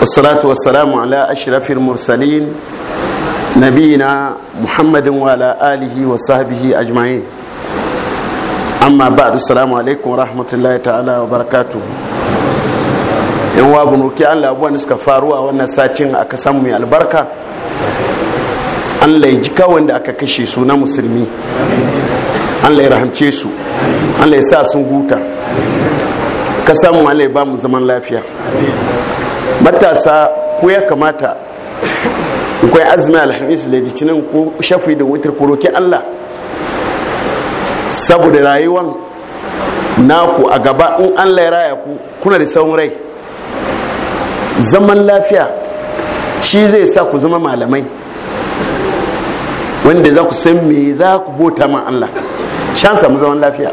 والصلاة والسلام على أشرف المرسلين نبينا محمد وعلى آله وصحبه أجمعين أما بعد السلام عليكم ورحمة الله تعالى وبركاته yan wa bunoki allah abubuwan da suka faru a wannan sacin aka samu mai albarka allah ya ji aka kashe su na musulmi allah ya rahamce su allah ya sa sun huta ka samu allah ya ba mu zaman lafiya matasa ko ya kamata kwai azumi alhamis da ko shafi da wutar ko roki allah saboda rayuwan naku a gaba in allah ya raya ku kuna da sauran rai zaman lafiya shi zai sa ku zama malamai wanda za ku san me za ku bota ma allah shan samu zaman lafiya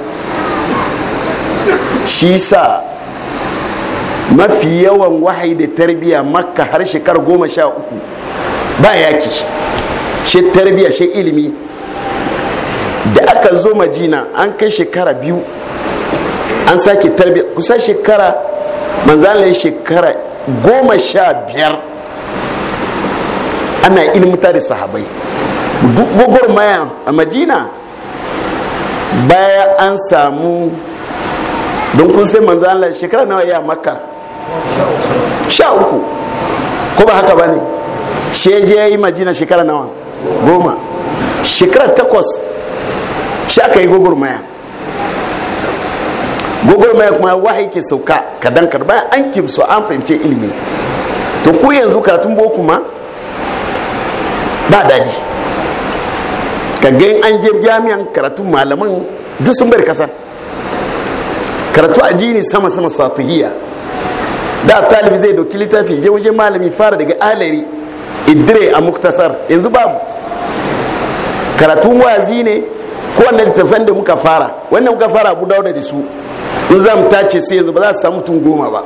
shi sa mafi yawan wahayi da tarbiya makka har shekar goma sha uku ba yaki shi tarbiya shi ilimi da aka zo majina an kai shekara biyu an sake tarbiya kusa shekara ya shekara goma sha biyar ana ilmuta da sahabai duk maya a madina baya an samu don kun sai manzana shekara nawa ya makka sha uku ko ba haka ba ne sheje ya yi majina shekara nawa goma shekara takwas sha ka yi gugurmaya maya kuma wahai ke sauka kadan bayan an kimso an fahimce ilimi to ku yanzu karatun boko ma ba daɗi ka gani an je jami'an karatun malaman duk sun bari kasar karatu a jini sama sama safihiyya da talibi zai doki littafi je wajen malami fara daga alari idire a muktasar yanzu babu karatun wazi ne ko wanda littafan da muka fara wannan muka fara abu dauda da su in za mu tace sai yanzu ba za su samu tun goma ba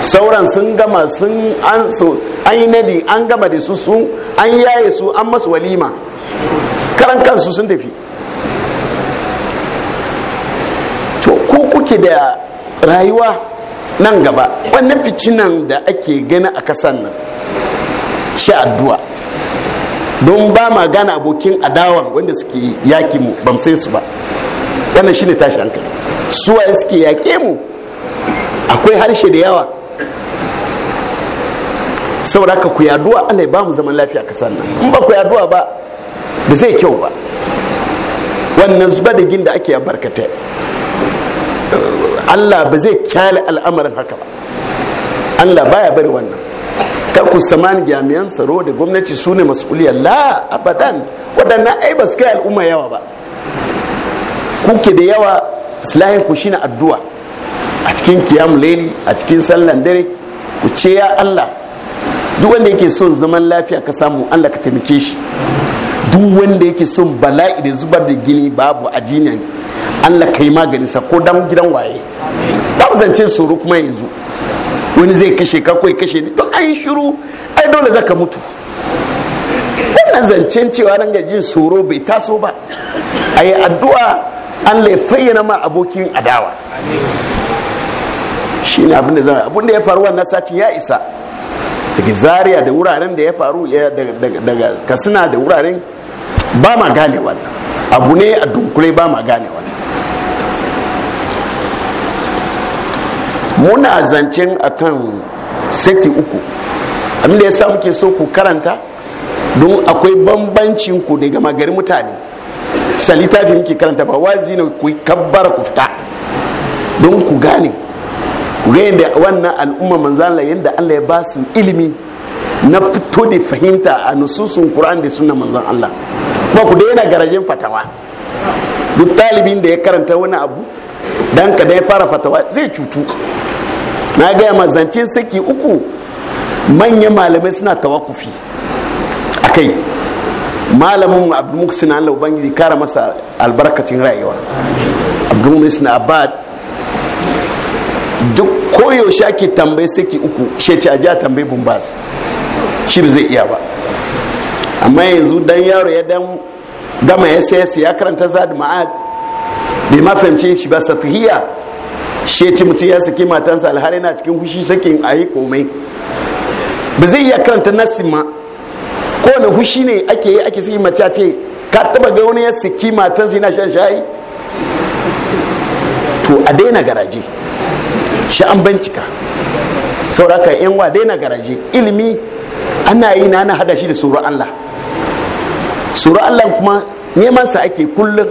sauran sun gama sun an so an yi nadi an gama da su sun an yaye su an masu walima karan kansu sun tafi to ko kuke da rayuwa nan gaba wannan ficinan da ake gani a kasan nan shi addu'a don ba ma gane abokin adawa wanda suke yaki mu ba sai su ba wannan shine tashi hankali waye suke yake mu akwai harshe da yawa saboda ka ku yaduwa Allah bamu ba mu zaman lafiya kasan nan in ba ku yaduwa ba ba zai kyau ba wannan zuba da gin da ake barkata. Allah ba zai kyale al'amarin haka ba Allah baya bari wannan ku saman jami'an tsaro da gwamnati su ne mas'uliyar la abadan waɗannan ai ba su kai al'umma yawa ba kuke da yawa islahin ku shine addu'a a cikin kiyam Leli a cikin sallan dare ku ce ya Allah duk wanda yake son zaman lafiya ka samu Allah ka taimake shi duk wanda yake son bala'i da zubar da gini babu a jinin allah kai maganin sa ko dan gidan waye babu zancen tsoro kuma yanzu wani zai kashe ka kai kashe ni to an shiru ai dole zaka mutu wannan zancen cewa ranga jin tsoro bai taso ba a addu'a an fayyana ma abokin adawa shi ne abin da zama abin da ya faru na satin ya isa daga zariya da wuraren da ya faru daga kasina da wuraren ba ma gane wannan abu ne a dunkule ba ma gane wannan muna zancen akan seti uku abinda ya sa muke so ku karanta don akwai bambancin ku daga magari mutane salita fi muke karanta ba wazi na ku kabbar ku fita don ku gane gayin da wannan al'umma manzala yadda Allah ya ba su ilimi na fito da fahimta a nususun Qur'an da sunan manzan Allah kuma ku daina garajen fatawa duk talibin da ya karanta wani abu dan ka da ya fara fatawa zai cutu na gaya ma saki uku manyan malamai suna tawakufi a kai malamin abdul muksin Allah ubangiji kara masa albarkacin rayuwa abdul muksin abad duk koyaushe ake tambaye saki uku shi ce a tambaye bumbas shi ba zai iya ba amma yanzu dan yaro ya dan gama sayasa ya karanta da ma'ad bai ma fahimci shi ba satihiyya shi ci mutum ya saki matansa alhari na cikin hushi sakin a yi komai ba zai iya karanta nassi ma kowane hushi ne ake yi ake saki mace ce ka taba ga wani ya saki matansa yana shan shayi to a daina garaje shi an bincika sauraka yan wa daina garaje ilimi ana yi na ana hada shi da tsoron Allah tsoron Allah kuma neman sa ake kullum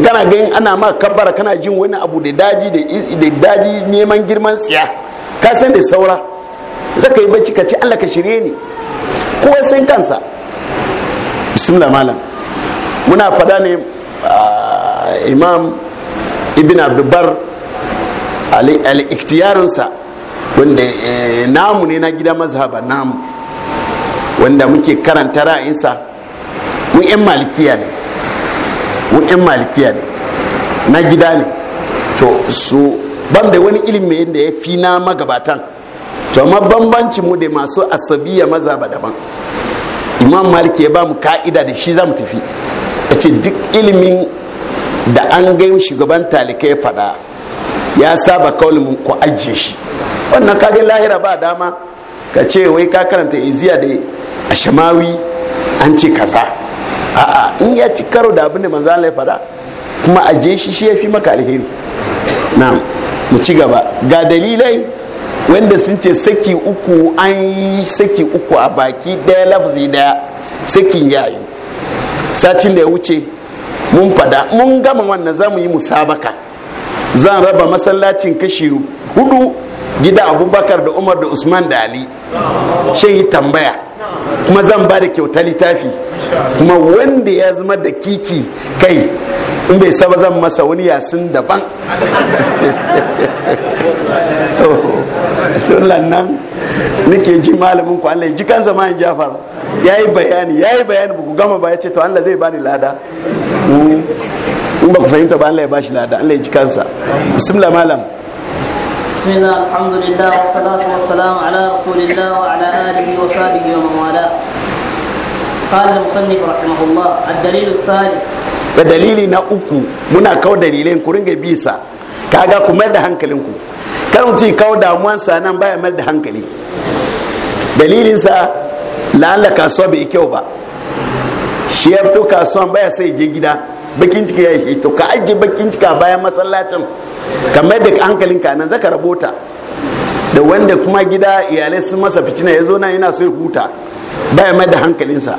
kana ganin ana ma kabbara kana jin wani abu da daji da daji neman girman tsiya ka san da saura zaka yi bacci ka ci Allah ka shirye ni kowa san kansa bismillah malam muna fada ne ah, imam ibn abdubar al'iktiyarinsa wanda eh, namu ne na gida mazhaba namu wanda muke karanta ra'ayinsa mun 'yan malikiya ne mun 'yan malikiya ne na gida ne to su ban da wani ilimi yadda ya fi na magabatan to amma banbancin mu da masu asabiya mazhaba daban imam maliki ya ba mu ka'ida da shi za mu tafi ya ce duk ilimin da an gai shugaban talika ya faɗa ya saba mu ku ajiye shi wannan kage lahira ba dama ka ce wai ka karanta iziya da ashamawi an ce kaza a'a in ya ci karo da abin da manzo Allah ya faɗa kuma ajiye shi shi yafi maka alheri na'am mu ci gaba ga dalilai wanda sun ce saki uku an yi saki uku a baki daya lafzi daya sakin yayi satin da ya wuce mun fada mun gama wannan za mu yi musabaka zan raba masallacin kashi hudu gida abubakar da umar da usman da ali shi yi tambaya kuma zan ba da kyauta littafi kuma wanda ya zama da kiki kai in bai saba zan masa wani yasin daban sunan nan nake ji malamin ku Allah ya ji kan zamanin Jafar yayi bayani yayi bayani buku gama ba ya ce to Allah zai bani lada in ba ku fahimta ba Allah ya bashi lada Allah ya ji kansa bismillah malam بسم الله الحمد لله والصلاة ala ala wa ala ala آله وصحبه ومن والاه قال المصنف رحمه الله الدليل الثالث da dalili na uku muna kawo dalilin ku ringa bisa kaga ku mayar da hankalinku ku kan ci kawo damuwansa nan baya mayar da hankali dalilinsa la'alla kasuwa bai kyau ba shi ya fito kasuwan baya sai je gida bakin ciki ya shi to ka ajiye bakin ciki bayan masallacin kamar da hankalin ka nan zaka rabota da wanda kuma gida iyalai sun masa fitina ya zo nan yana so ya huta baya mai da hankalinsa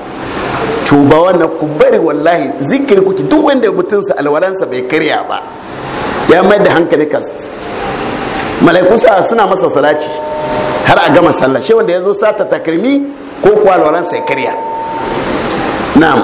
to ba wannan ku bari wallahi zikiri kuki duk wanda mutum sa alwalansa bai karya ba ya mai da hankali ka sa suna masa salati har a gama sallah shi wanda ya zo sata takrimi ko kuwa alwalansa ya karya na'am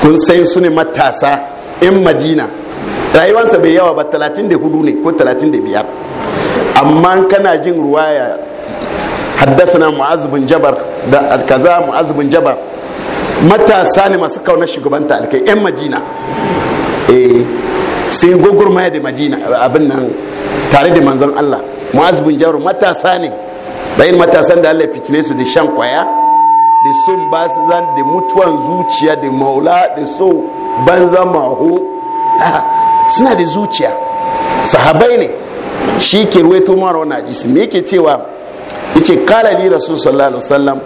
kun sai su ne matasa 'yan madina rayuwansa bai yawa ba 34 ne ko 35 amma kana jin ruwaya haddasa mu'az bin jabar da kaza mu'az bin jabar matasa ne masu kauna shugabanta alkai 'yan madina eh sai maya da madina abin nan tare da manzon allah mu'az bin jabar matasa ne bayan matasan da allah fitile su da shan kwaya da sun ba su zan da mutuwan zuciya da maula da so banza maho suna da zuciya sahabai ne shi ke ruwaito mara wani hadisi me yake cewa ce kala li rasu sallallahu alaihi wasallam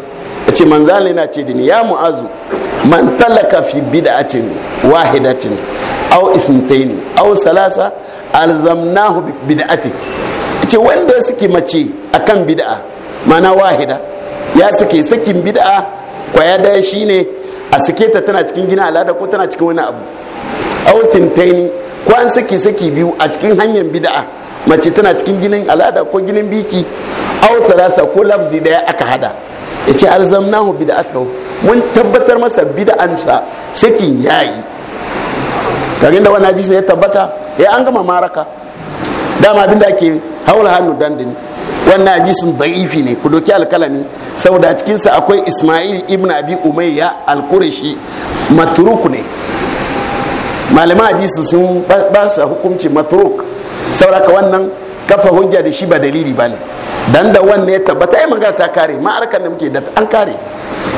ce manzali na ce da ni ya mu'azu man talaka fi bid'atin wahidatin aw isntaini aw salasa alzamnahu bid'atik ce wanda suke mace akan bid'a mana wahida ya sake sakin bid'a kwaya daya shine a sake ta tana cikin gina al'ada ko tana cikin wani abu aw sintaini ko an saki saki biyu a cikin hanyar bid'a mace tana cikin ginin al'ada ko ginin biki aw ko lafzi daya aka hada ya yace alzamnahu bid'atahu mun tabbatar masa bid'ansa sakin yayi kaga da wannan hadisi ya tabbata ya eh an gama maraka dama abinda ake haula hannu dandini wannan hadisin da'ifi ne ku doki alkalami saboda a cikinsa akwai ismail ibn abi umayya al-qurashi matruk ne malaman hadisi sun ba su hukunci matruk sauraka wannan kafa hujja da shi ba dalili ba ne dan da wannan ya tabbata ai magana ta kare ma'arkar da muke da an kare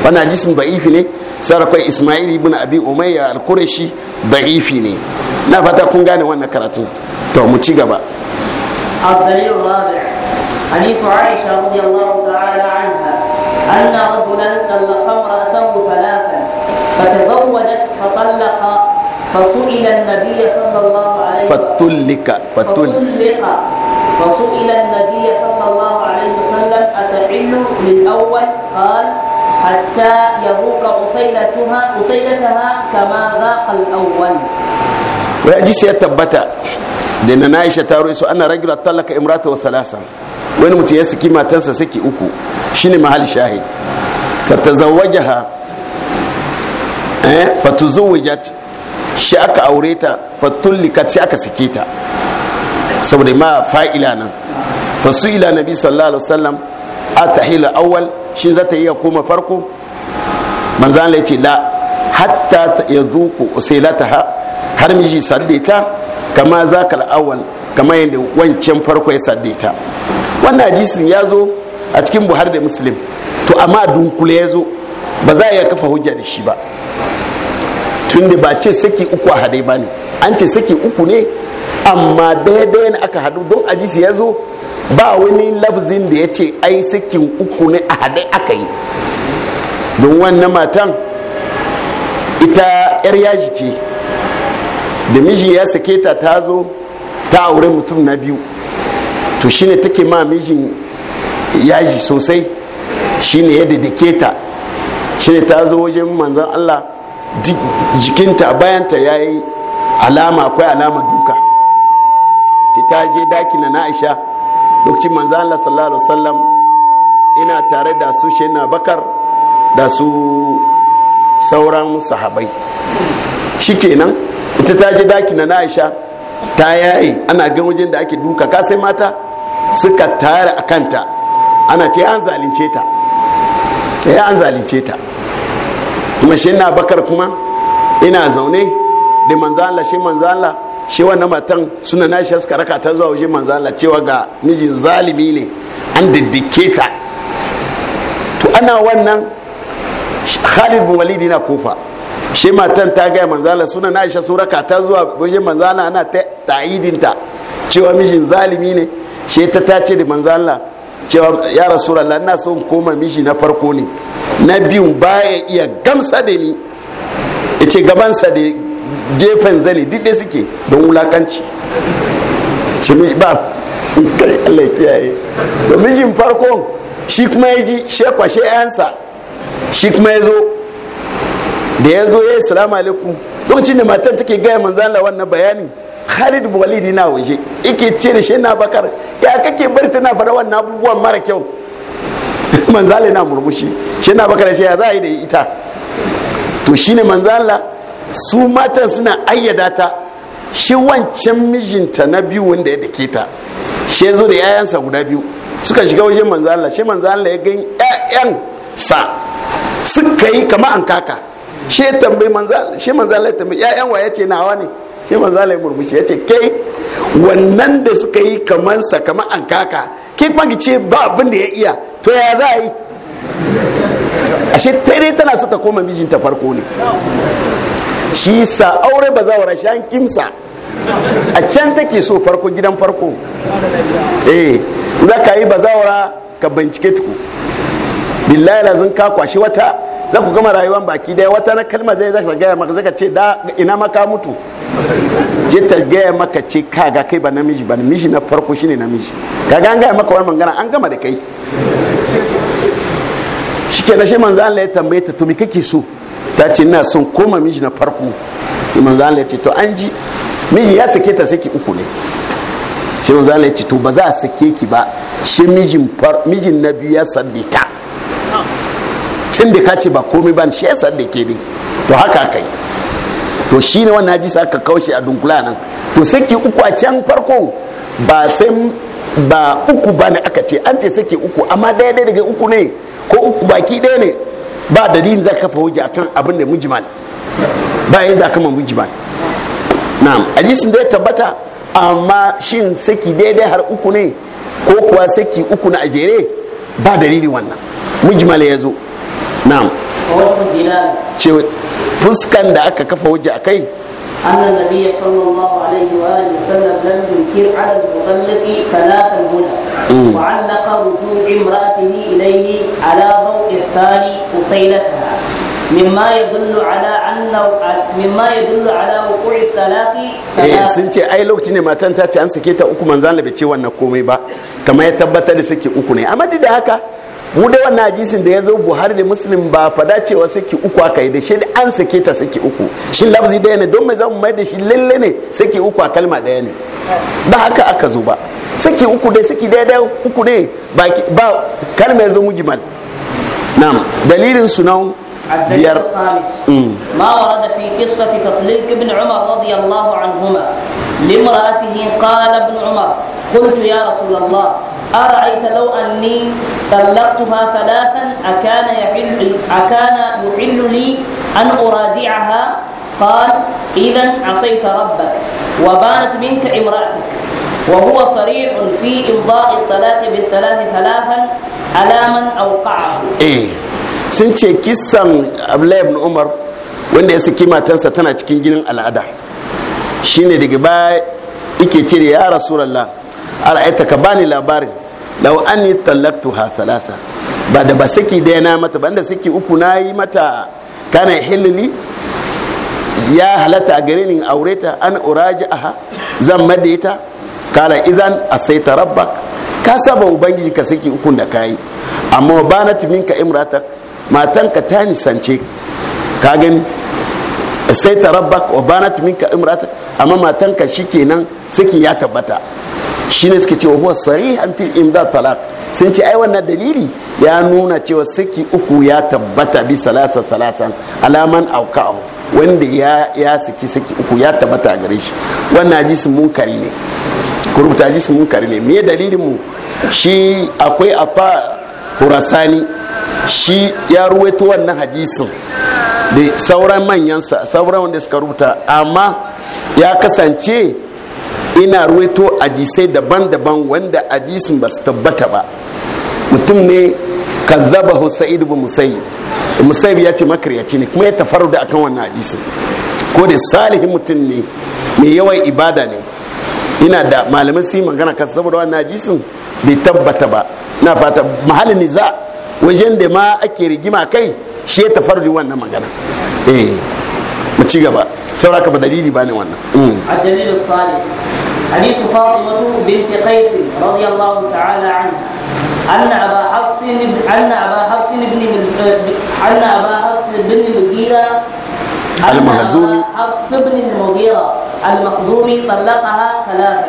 wannan hadisin da'ifi ne akwai ismail ibn abi umayya al-qurashi da'ifi ne na fata kun gane wannan karatu to mu ci gaba الدليل الرابع حديث عائشة رضي الله تعالى عنها أن رجلا طلق امرأته ثلاثا فتزوجت فطلق فسئل النبي صلى الله عليه وسلم فطلق فطلق فسئل النبي صلى الله عليه وسلم أتحل للأول قال حتى يذوق أصيلتها أصيلتها كما ذاق الأول ويأجي سيتبتا da na aisha ta ruwa ana ragila talaka imrata wa salasa wani mutum ya saki matansa saki uku shine mahal shahid ha eh fatuzuwijat shi aka aure ta fatullikat shi aka sake ta saboda ma fa'ila nan fasu ila nabi sallallahu alaihi wasallam atahila awwal shin za ta iya koma farko manzo Allah ya ce la hatta yazuku usailataha har miji sallita kama za ka kama yadda wancan farko ya saddeta wannan hadisin ya zo a cikin buhari da muslim to amma dunkule ya zo ba za a iya kafa hujja da shi ba tun da ba ce saki uku a hadai ba ne an ce saki uku ne amma daidai ne aka hadu don ajisi ya zo ba wani lafzin da ya ce ai sakin uku ne a hadai aka yi don wannan matan ita yar yaji ce da mijin ya sake ta ta zo ta aure mutum na biyu to shine take ma mijin yaji sosai shine ya dedike ta shine ta zo wajen manzan Allah jikinta bayanta ya yi alama akwai alama duka ta je daki na na'isha lokacin manzan Allah sallallahu alaihi wasallam ina tare da su shena bakar da su sauran sahabai shi shikenan ita ta je daki na aisha ta yaye ana gan wajen da ake duka ka sai mata suka tare a kanta ana ce an zalunce ta ya eh, an zalunce ta kuma shi na bakar kuma ina zaune da manzala shi manzala shi wannan matan suna na suka raka ta zuwa wajen manzala cewa ga mijin zalimi ne an diddike ta to ana wannan Khalid bin Walid na kofa shi matan ta gaya manzala suna na aisha suraka ta zuwa wajen manzala ana ta'idinta cewa mijin zalimi ne shi ta tace da manzala cewa ya rasulallah na son koma mishi na farko ne na biyun baya iya gamsa da ni ce gabansa da gefen zane duk suke don wulakanci ce mai ba kai Allah kiyaye to mijin farkon shi kuma ya ji shekwashe 'yansa shi kuma ya zo da ya zo ya yi salamu alaikum lokacin da matan take gaya manzala wannan bayanin khalid walid na waje yake ce da shi na bakar ya kake ta na fara wannan abubuwan mara kyau manzala na murmushi shi na bakar shi ya za a yi da ita to shine manzala su matan suna ayyada ta shi wancan mijinta na biyu wanda ya dake ta shi zo da 'ya'yansa guda biyu suka shiga wajen manzala shi manzala ya gan 'ya'yansa suka yi kama an kaka shi tambayi manzal shi manzal ya tambayi ƴaƴan wa yace nawa ne shi manzala ya murmushi yace kai wannan da suka yi kaman sa kaman an kaka ke kuma ce ba abin da ya iya to ya za a yi ashe tare tana so ta koma mijinta farko ne shi sa aure ba za wa an kimsa a can take so farko gidan farko eh za ka yi bazawara ka bincike tuku billahi lazin ka kwashi wata za ku gama rayuwar baki daya wata na kalmar zai zaka gaya maka zaka ce da ina maka mutu je ta gaya maka ce kaga kai ba namiji ba namiji na farko shine namiji kaga an gaya maka wani magana an gama da kai shi ke shi manzo Allah ya tambaye ta to me kake so ta ce ina son koma miji na farko manzo Allah ya ce to an ji miji ya sake ta sake uku ne shi manzo Allah ya ce to ba za a sake ki ba shi mijin na biyu ya saddita tun da ka ce ba komai ba shi yasa da ke ne to haka kai to shi ne wannan hadisi aka kaushe a dunkula nan to saki uku a can farko ba sai ba uku ba ne aka ce an ce saki uku amma daya daya daga uku ne ko uku baki daya ne ba dalilin za ka hujja akan abin da mujmal ba yadda kama mujmal na'am hadisin da ya tabbata amma shin saki daidai har uku ne ko kuwa saki uku na ajere ba dalili wannan mujmal ya zo na'am ce fuskan da aka kafa hujja a kai أن النبي صلى الله عليه وآله وسلم لم ينكر على المطلق ثلاثا هنا وعلق رجوع امرأته إليه على ضوء الثاني أصيلتها مما يدل على أنه مما يدل على وقوع الثلاث sun ce ai lokacin ne matan ta ce an sake ta uku manzan bai ce wannan komai ba kama ya tabbatar da suke uku ne amma da haka mu da wannan hadisin da ya zo buhari da muslim ba fada cewa saki uku aka yi da shi an sake ta saki uku shi lafzi daya ne don mai zamu mai da shi lalle ne saki uku a kalma daya ne ba haka aka zo ba saki uku dai saki daya daya uku ne ba kalma ya zo mujimal na dalilin sunan الدليل الخامس ما ورد في قصة تطليق ابن عمر رضي الله عنهما لامرأته قال ابن عمر قلت يا رسول الله أرأيت لو أني طلقتها ثلاثا أكان يحل أكان يحل لي أن أرادعها قال إذا عصيت ربك وبانت منك امرأتك وهو صريح في إمضاء الطلاق بالثلاث ثلاثا على من أوقعه إيه sun ce kisan abdullahi ibn umar wanda ya saki matansa tana cikin ginin al'ada shine daga baya ike cire ya rasulullah aita ka bani labarin an yi tallaktu ha salasa ba da ba saki daya na mata ba da saki uku na yi mata kana hilili ya halatta a gare ni aure ta an uraji aha zan mada ita kala idan asaita rabbak ka saba ubangiji ka saki ukun da kayi amma banat timinka imratak matanka ta nisance ka gani sai ta rabba wa ta minka imrata amma matanka nan sakin ya tabbata shine suke wa huwa sarihan fil imdad talaq sun ce ai wannan dalili ya nuna cewa saki uku ya tabbata bi salasa salasan alaman auqa'u wanda ya ya saki saki uku ya tabbata a gare shi wannan hadisin munkari ne kurbuta hadisin munkari ne me dalilin mu shi akwai afa hurasani shi ya ruwaito wannan hadisin da sauran manyansa sauran wanda suka rubuta amma ya kasance ina ruwaito hadisai daban-daban wanda hadisin ba su tabbata ba mutum ne kazzaba sa'id bin musayyib musayyib ya ce makaryaci ne kuma ya tafaru da akan wannan hadisin ko da salihin mutum ne mai yawan ibada ne ina da malamin su magana kan saboda wannan hadisin bai tabbata ba na fata mahallin za. wajen da ma ake rigima kai shi ya tafarri wannan magana eh mu ci gaba saura ka ba dalili bane wannan a dalil salis حفص أن أبا حفص بن حفص بن المغيرة المخزومي حفص بن المغيرة المخزومي طلقها ثلاثة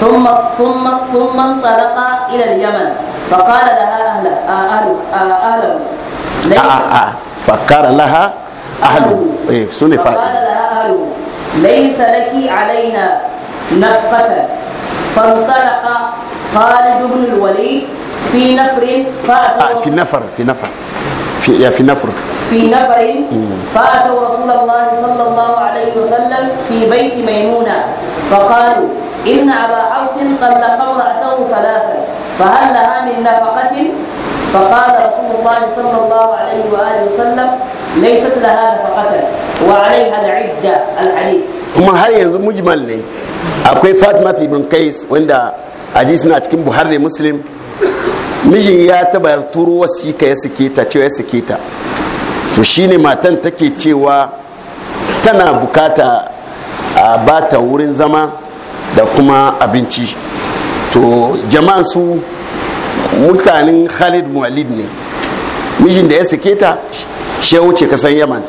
ثم ثم ثم انطلق إلى اليمن فقال لها اهل اهل أهل فقال لها أهله إيه سنة فقال لها أهله ليس لك علينا نفقة فانطلق خالد بن الوليد في نفر فأتوا آه، في نفر في نفر في يا في نفر في نفر فأتوا رسول الله صلى الله عليه وسلم في بيت ميمونة فقالوا إن أبا حفص طلق امرأته ثلاثا فهل لها من نفقة فقال رسول الله صلى الله عليه وآله وسلم ليست لها نفقة وعليها العدة الحديث kuma har yanzu mujmal ne akwai fatima ibn kais wanda hadisi na cikin buhari muslim mijin ya taba turo wasika ya sike ta cewa ya sike ta to shine matan take cewa tana bukata a bata wurin zama da kuma abinci to jama'an su mutanen khalid mualid ne mijin da ya sike ta shi ya wuce kasan yaman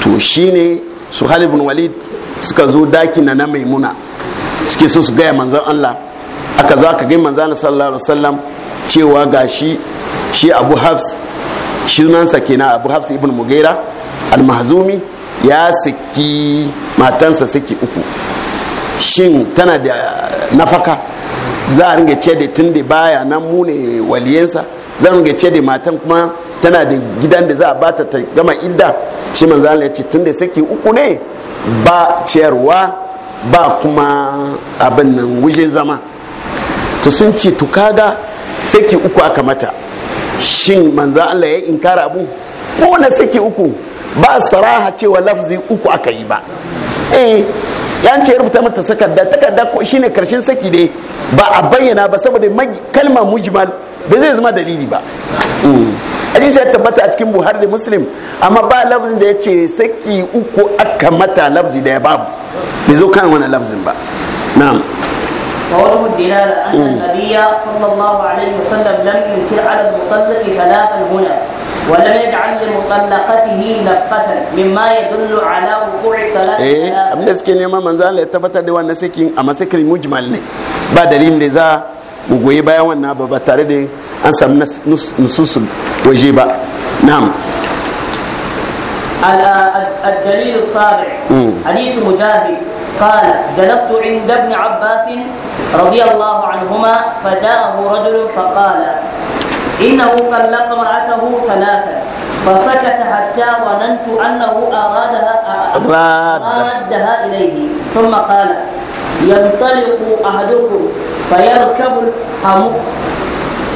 to shine su khalid mualid suka zo daki na na maimuna suke so su gaya manzon allah aka za ka gaiman zana sallallahu alaihi wasallam cewa ga shi shi abu hafs shi nansa kenan abu hafs ibn mugaira almahzumi ya saki matansa saki uku shin tana da nafaka za a ringa ce da tun da baya nan mu ne waliyansa za a ringa ce da matan kuma tana da gidan da za a bata ta gama idda shi manzo Allah ya ce tun da saki uku ne ba ciyarwa ba kuma abin nan wujin zama to sun ce to kaga saki uku aka mata shin manza Allah ya inkara abu ko na saki uku ba saraha cewa lafzi uku aka yi ba eh yan ce rubuta mata sakadda takarda ko shine karshen saki ne ba a bayyana ba saboda kalma mujmal ba zai zama dalili ba hmm. hadisi ya tabbata a cikin buhari da muslim amma ba lafzin da ya ce saki uku aka mata lafzi da ya babu bai zo kan wani lafzin ba na'am ووجه الدلالة أن النبي صلى الله عليه وسلم لم ينكر على المطلق خلافا هنا ولم يجعل لمطلقته نفقة مما يدل على وقوع ثلاثة إيه أبدا سكين يوم من زال يتبتد وأن سكين أما سكين مجمل بعد دليل لزا mu بايا وانا wannan دي أنسى tare da an samu الدليل الصالح حديث مجاهد قال جلست عند ابن عباس رضي الله عنهما فجاءه رجل فقال إنه طلق امرأته ثلاثا فسكت حتى ظننت أنه أرادها أرادها إليه ثم قال ينطلق أحدكم فيركب الحمو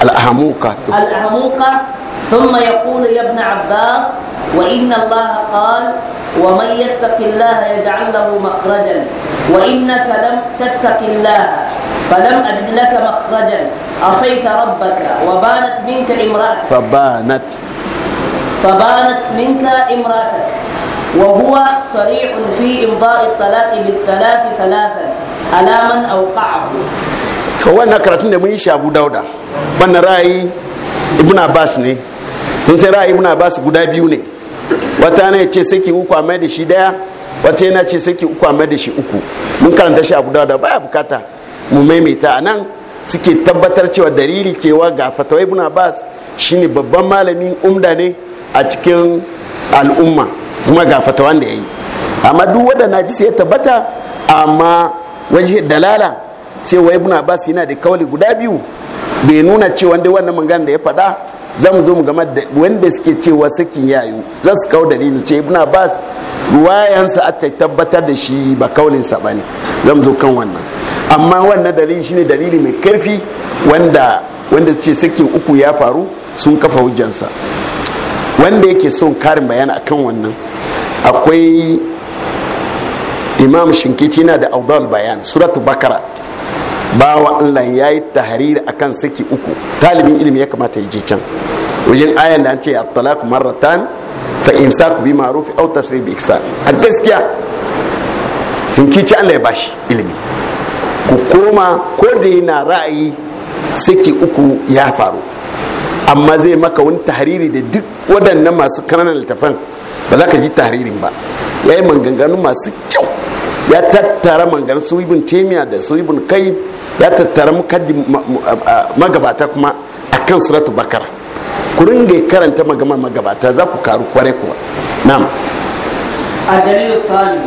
الأهموكة الأهموكة ثم يقول يا ابن عباس وإن الله قال ومن يتق الله يجعل له مخرجا وإنك لم تتق الله فلم أجد لك مخرجا عصيت ربك وبانت منك امرأتك فبانت فبانت منك امرأتك وهو صريح في إمضاء الطلاق بالثلاث ثلاثا على من أوقعه to wannan karatun da mun yi shi abu dauda wannan ra'ayi ibn abbas ne sun sai ra'ayi ibn abbas guda biyu ne wata ne ce saki uku a mai da shi daya wata yana ce saki uku a mai da shi uku mun karanta shi abu da baya bukata mu maimaita a nan suke tabbatar cewa dalili cewa ga fatawa ibn abbas shine babban malamin umda ne a cikin al'umma kuma ga fatawan da ya yi amma duk waɗanda ji sai tabbata amma waje dalala cewa ibn abbas yana da kawali guda biyu bai nuna cewa wanda wannan magana da ya faɗa za mu zo mu game da wanda suke cewa sakin yayu za su kawo dalili ce ibn abbas ruwayansa ta tabbatar da shi ba kaulinsa ba ne za mu zo kan wannan amma wannan dalili shine dalili mai karfi wanda wanda ce sakin uku ya faru sun kafa hujjansa wanda yake son karin bayani akan wannan akwai imam shinkiti na da audal bayan suratu bakara bawa Allah ya yi tahariri akan saki uku talibin ilimi ya kamata ya je can wajen ayan da an ce at-talaq marratan fa imsaku bi ma'ruf aw tasrih bi ihsan a gaskiya shinkici Allah ya bashi ilimi ku koma ko da yana ra'ayi saki uku ya faru amma zai maka wani tahariri da duk waɗannan masu kananan littafan ba za ka ji tahririn ba ya yi maganganu masu kyau ya tattara mangan su ibn taimiya da su ibn kai ya tattara mukaddi magabata kuma a kan suratu bakara ku ringa karanta magama magabata za ku karu kware kuwa na'am a الثاني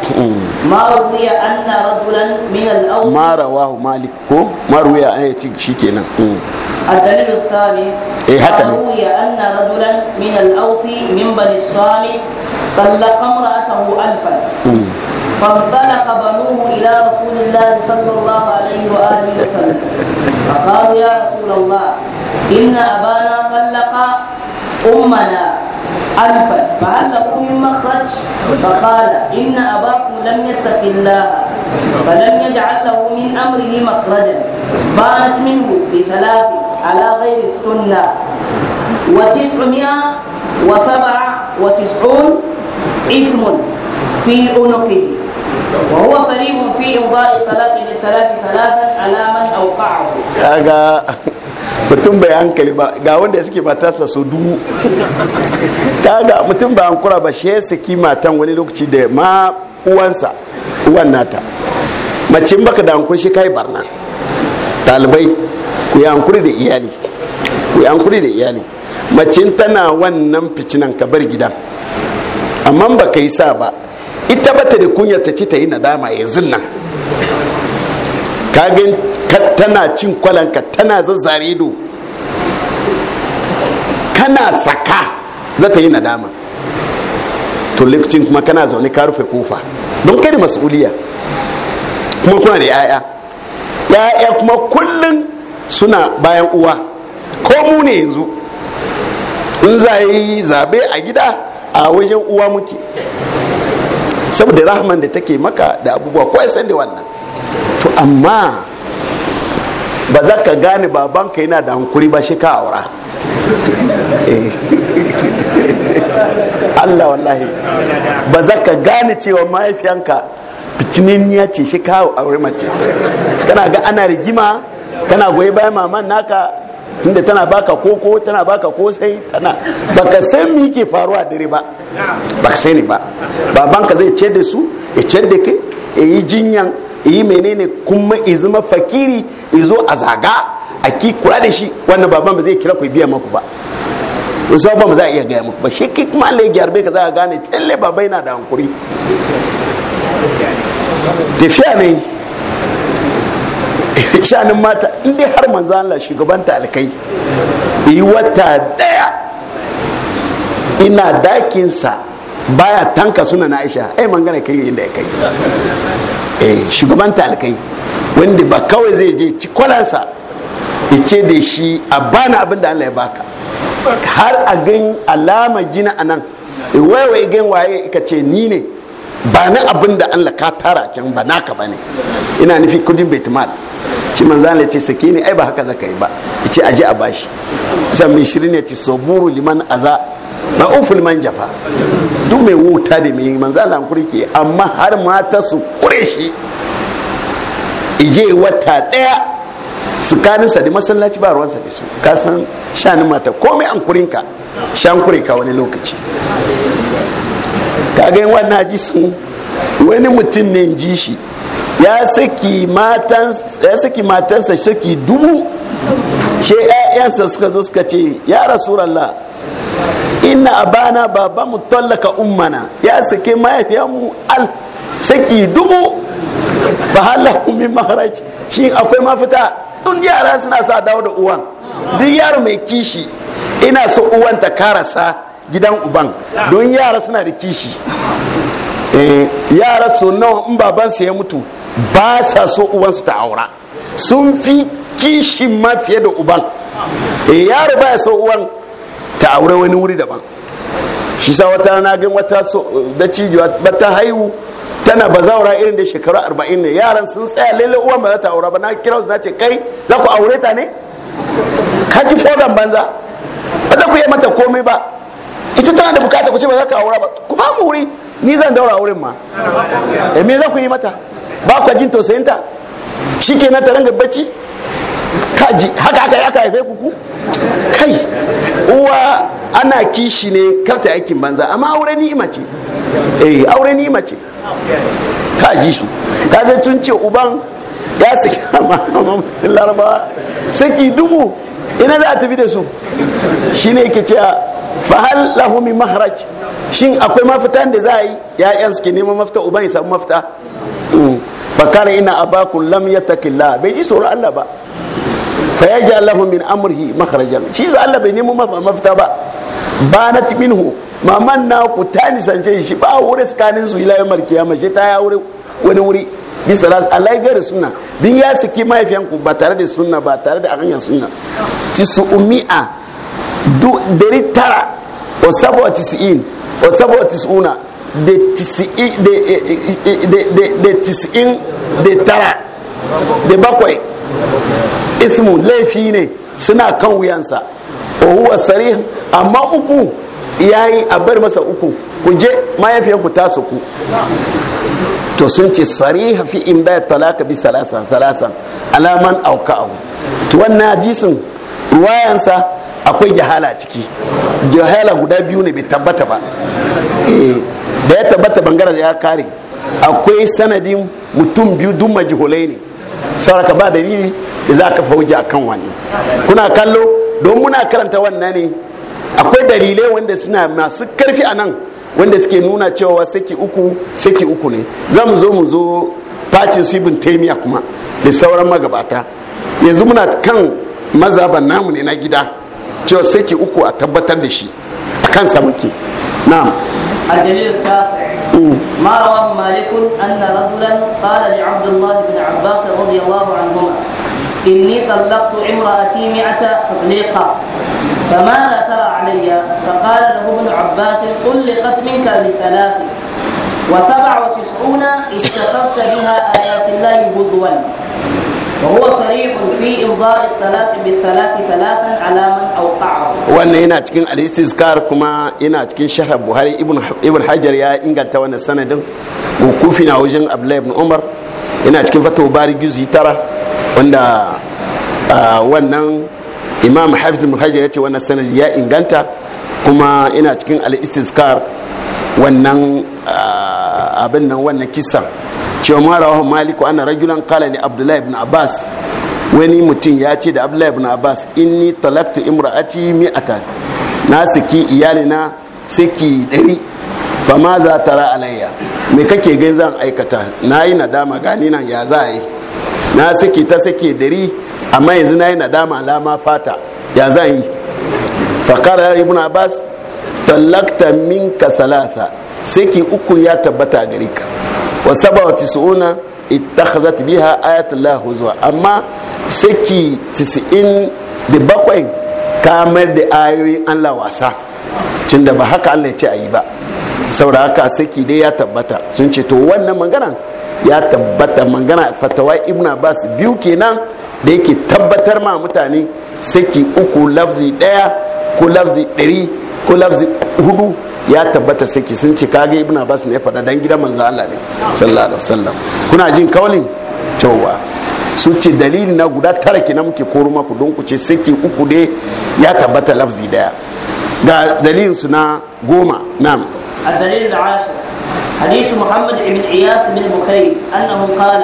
ما روي أن رجلا marawahu malik ko maruya an yace shikenan الدليل الثاني إيه روي أن رجلا من الأوس من بني الصامي طلق امرأته ألفا فانطلق بنوه إلى رسول الله صلى الله عليه وآله وسلم فقالوا يا رسول الله إن أبانا طلق أمنا حلفا فهل لكم مخرج فقال إن أباكم لم يتق الله فلم يجعل له من أمره مخرجا بانت منه بثلاث على غير السنة وتسعمائة وسبعة وتسعون إثم في أنقه وهو صريب في إمضاء من بالثلاث ثلاثا على من أوقعه كاغا mutum bai hankali ba ga wanda ya suke matarsa su dubu ga mutum bai hankura ba shi ya saki matan wani lokaci da ma uwansa uwan nata mace baka da hankuri shi kai barna talibai ku yi hankuri da iyali ku yi hankuri da iyali mace tana wannan ficinan ka bar gidan amma ka yi sa ba ita bata da kunya ta ci ta yi nadama yanzu nan kagin tana cin kwalanka tana zazzare do kana saka za ta yi nadama to lokacin kuma kana zaune ka rufe kofa don kai da mas'uliya kuma kuna da yaya yaya kuma kullum suna bayan uwa ko mu ne yanzu in za yi zabe a gida a wajen uwa muke saboda rahman da take maka da abubuwa ko san da wannan to amma ba za ka gane babanka yana da hankuri ba shi ka aura eh. Allah wallahi ba za ka gane cewa mahaifiyanka fitininiya ce shi kawo aure mace kana ga ana rigima kana goyi bayan maman naka inda tana baka koko tana baka kosai tana baka san me yake faruwa dare ba baka sani ba babanka zai ce da su ya ce da kai ya yi jinyan ya yi menene kuma izuma fakiri zo a zaga a ki kula da shi wannan baban ba zai kira ku biya maku ba wasu ba za a iya gaya maku ba shi ki kuma Allah ya gyarbe ka za a gane talle baba yana da hankuri tafiya ne shanin mata in har manzo Allah shugaban alkai yi wata daya ina dakinsa baya tanka suna na aisha ai mangana kai inda ya kai eh shugaban alkai wanda ba kawai zai je ci kwalansa ice da shi a bana abin da Allah ya baka har a gan alama gina anan waiwai gan waye ka ce ni ne ba na abin da Allah ka tara can ba naka ba ne ina nufi kudin baitmal shi manzan ya ce sake ne ai ba haka zaka yi ba ya ce aji a bashi san mai shirin ya ce saburu liman aza na uful man jafa duk mai wuta da mai manzan Allah hankuri ke amma har mata su kure shi ije wata daya tsakaninsa da masallaci ba ruwansa da su kasan shanin mata komai an kurinka shan kure ka wani lokaci kaga yin wannan hadisin wani mutum ne ji shi ya saki matansa saki dubu she ƴaƴansa suka zo suka ce ya rasu rasulallah inna abana baba mu tallaka ummana ya sake mahaifiyarmu al saki dubu fa halahu min shi akwai mafita tun yara suna sa dawo da uwan duk yaro mai kishi ina so uwan ta karasa gidan uban don yara suna da kishi eh, yara so nawa in babansa ya mutu ba sa so uwansu ta aura sun fi kishin ma fiye da uban eh, yaro baya so uwan ta aure wani wuri daban shi sa wata na gan wata da cijiwa ba ta haihu tana zaura irin da shekaru arba'in ne yaran sun tsaya lele uwan ba za ta aura ba na kira na ce kai za ku aure ta ne ka ci fodan banza ba za ku yi mata komai ba ita tana da bukata ku ce ba za ka aura ba ku ba mu wuri ni zan daura wurin ma eh me za ku yi mata ba ku jin tausayinta shikenan ta ranga bacci kaji haka haka aka haife ku ku kai uwa ana kishi ne karta aikin banza amma aure ni'ima ce eh aure ni'ima ce kaji su kaje tun ce uban ya saki laraba saki dubu ina za a tafi da su shi ne ke cewa fahal lahumi maharaj shin akwai mafita da za a yi ya'yan suke neman mafita uban ya samu mafita mm. fakara ina bakun lam yattaqilla bai ji tsoron Allah ba fa yaji Allahu min shi sa Allah bai neman mafita ba ba na hu maman na ku ta nisance shi ba wuri tsakanin su ilayen malkiya mace ta ya wuri wani wuri bisa la alaigar suna din ya saki mahaifiyan ku ba tare da suna ba tare da hanyar suna ci su umi'a du dari tara o sabo a tisi'in o sabo o tis'una da tisi'in da tara da bakwai ismu laifi ne suna kan wuyansa wa huwa amma uku ya yi a bar masa uku ku je mahaifiyarku ta ku to sun ce sariha hafi in da talaka bi salasan salasan alaman auka abu to wannan hadisin ruwayansa akwai jahala ciki jahala guda biyu ne bai tabbata ba eh, da ya tabbata bangaren ya kare akwai sanadin mutum biyu duk majihulai ne sauraka ba dalili da za ka fahimci a kan wani kuna kallo don muna karanta wannan ne akwai dalilai wanda suna masu karfi a nan wanda suke nuna cewa saki uku saki uku ne za mu zo mu zo fatin su ibn taimiya kuma da sauran magabata yanzu muna kan mazaban namu ne na gida cewa saki uku a tabbatar da shi a kan muke na'am الدليل التاسع ما رواه مالك أن رجلا قال لعبد الله بن عباس رضي الله عنهما إني طلقت امرأتي مئة تطليقة فماذا ترى علي فقال له ابن عباس طلقت منك لثلاث وسبع وتسعون اتصفت بها آيات الله هزوا وهو صريح في إمضاء الثلاث بالثلاث ثلاثا على من أوقعه وأن هنا تكون الاستذكار كما هنا تكون شهر بوهاري ابن ابن حجر يا إنجلتا وانا السنة وكوفنا وجن أبلا ابن عمر yana cikin fatawa bari juzi tara wanda wannan imam hafiz bin hajar ya ce wannan sanadi ya inganta kuma yana cikin al-istizkar wannan abin nan wannan kisan cewa ma rawahu maliku ana rajulan qala ne abdullahi ibn abbas wani mutum ya ce da abdullahi ibn abbas inni talaktu imra'ati mi'ata na saki iyalina saki dari fama za ra alayya me kake gai zan aikata na yi nadama gani nan ya za a yi na suke ta suke dari amma yanzu na yi nadama lama fata ya za yi fakara ibn abbas tallakta minka salasa saki uku ya tabbata gari ka wa saba wa tis'una ittakhazat biha ayatullah huzwa amma saki tis'in da bakwai kamar da ayoyin Allah wasa tunda ba haka Allah ya ce a yi ba saboda haka saki dai ya tabbata sun ce to wannan magana ya tabbata magana fatawa ibn abbas biyu kenan da yake tabbatar ma mutane saki uku lafzi daya ko lafzi ɗari ko lafzi hudu ya tabbata saki sun ce kaga ibn abbas ne ya faɗa dan gidan manzo Allah ne sallallahu alaihi wasallam kuna jin kaulin cewa su ce dalili na guda tara kenan muke koro maku don ku ce saki uku dai ya tabbata lafzi daya ga dalilin su na goma na'am الدليل العاشر حديث محمد بن إياس بن بكير أنه قال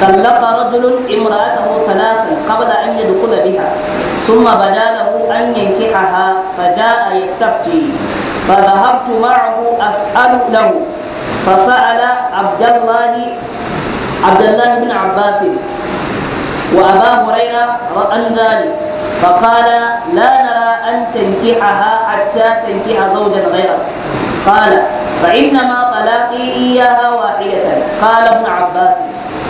طلق رجل امرأته ثلاثا قبل أن يدخل بها ثم بدا له أن ينكحها فجاء يستفتي فذهبت معه أسأل له فسأل عبد الله عبد الله بن عباس وأبا هريرة عن ذلك فقال لا نرى أن تنكحها حتى تنكح زوجا غيره قال فإنما طلاقي إياها واحدة قال ابن عباس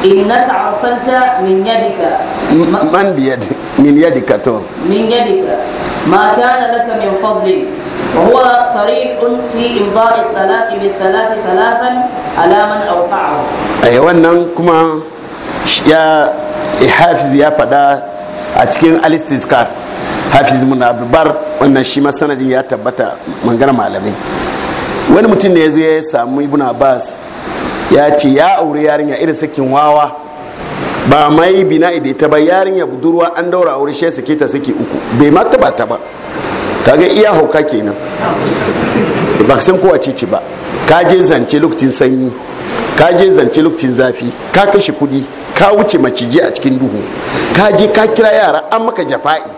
إنك أرسلت من يدك من بيدك من يدك تو من يدك ما كان لك من فضل وهو صريح في إمضاء الطلاق بالثلاث ثلاثا على من أوقعه أي كما يا حافظ يا فدا أتكين a cikin alistiskar hafiz mun abdulbar wannan shi ma sanadin ya tabbata mangana malamai wani mutum ne ya zo ya samu ibn abbas ya ce ya aure yarinya irin sakin wawa ba mai bina idai ta ba yarinya budurwa an daura aure shi sake ta sake uku bai ma taba ta ba ga iya hauka kenan ba san kowa ce ba ka je zance lokacin sanyi ka je zance lokacin zafi ka kashe kudi ka wuce maciji a cikin duhu ka je ka kira yara an maka jafa'i